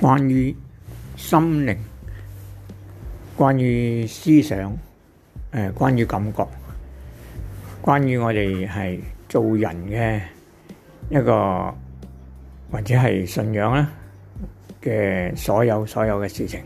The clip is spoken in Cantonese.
關於心靈，關於思想，誒、呃，關於感覺，關於我哋係做人嘅一個或者係信仰啦嘅所有所有嘅事情。